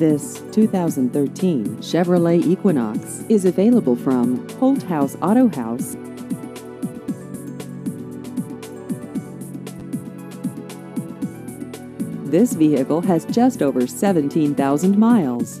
This 2013 Chevrolet Equinox is available from Holt House Auto House. This vehicle has just over 17,000 miles.